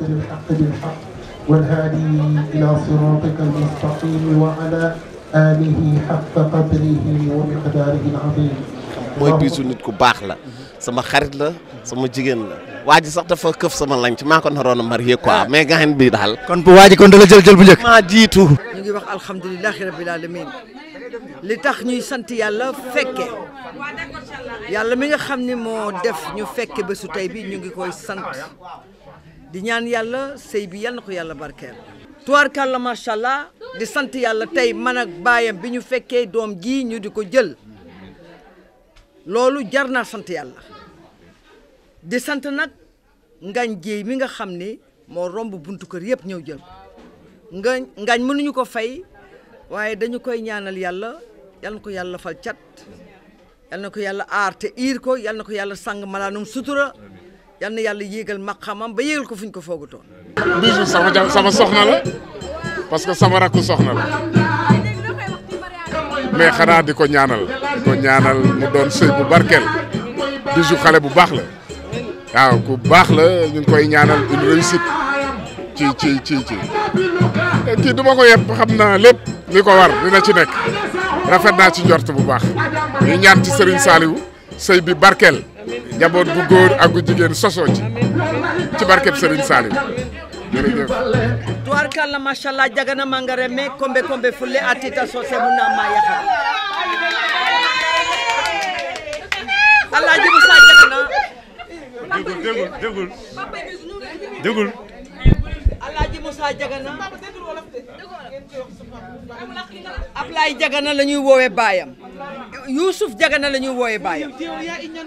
الحق بالحق بالحق والهادي إلى صراطك المستقيم وعلى آله حق قدره ومقداره العظيم moy bisu nit ku bax la sama xarit la sama jigen la waji sax dafa keuf sama lañ ci maa ko naroon a marié quoi mais gahen bi dal kon bu waji ji kon dala jël jël bu jek ma jitu ñu ngi wax alhamdulilahi rabbil alamin li tax ñuy sant yàlla fekke yàlla mi nga xamni mo def ñu fekke bésu tay bi ñu ngi koy sant di ñaan yàlla sëy bi yal na ko yàlla barkeel. tubaarkàlla macha allah di sant yàlla tey man ak baayam bi ñu fekkee doom ji ñu di ko jël loolu jar naa sant yàlla di sant nag ngañ jéey mi nga xam ni moo romb buntu kër yëpp ñëw jël nga ngañ mënuñu ko fay waaye dañu koy ñaanal yàlla yal na ko yàlla fal cat yal na ko yàlla aar te iir ko yàlla sàng malaanum sutura yal na yàlla yéegal maqamam ba yéegal ko fuñ ko foogutoon. Bijou sama ja sama soxna la parce que sama rakku soxna la mais xanaa di ko ñaanal di ko ñaanal mu doon sëy bu barkeel Bijou xale bu baax la waaw ku baax la ñu ngi koy ñaanal une réussite ci ci ci ci kii du ma ko yeb xam naa lépp li ko war dina ci nekk rafet naa ci njort bu baax ñu ñaan ci Serigne Saliou sëy bi barkeel. njaboot bu góor ak gu jigéen sosoo ci ci barkeb Serigne Salim jërëjëf tubaarkàlla macha allah jagana mangare me kombe kombe fulle atita soose mu naa maa yaxal alaaji Musa jagana dégul dégul dégul alaaji Musa jagana Ablaye jagana la ñuy woowee baayam Youssouf Jagana la ñuy wooyee baayam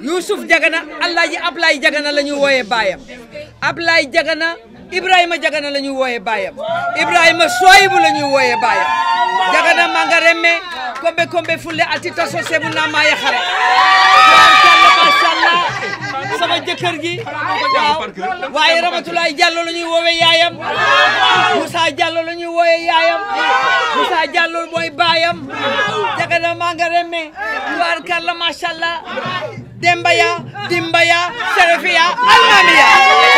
Youssouf Jagana Alaaji Ablaye Jagana la ñuy wooyee baayam Ablaye Jagana Ibrahima Jagana la ñuy wooyee baayam Ibrahima Soyibu la ñuy wooyee baayam Jagana manga remme kombe kombe fulle ati taso sebu naa maa yaxare sama jëkkër gi waaw waaye Ramatulaay Jàllo la ñuy woowee yaayam Moussa Jàllo la ñuy yaayam Issa Diallo mooy baayam jagada maa nga remme tuwaar kàlla macha Dembaya Dimbaya Serafiya Almamiya